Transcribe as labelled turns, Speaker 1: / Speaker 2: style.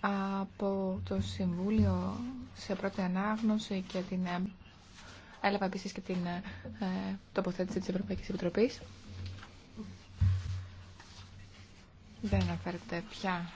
Speaker 1: από το Συμβούλιο σε πρώτη ανάγνωση και την ε, έλαβα επίση και την ε, ε, τοποθέτηση της Ευρωπαϊκής Επιτροπής. Δεν αναφέρεται πια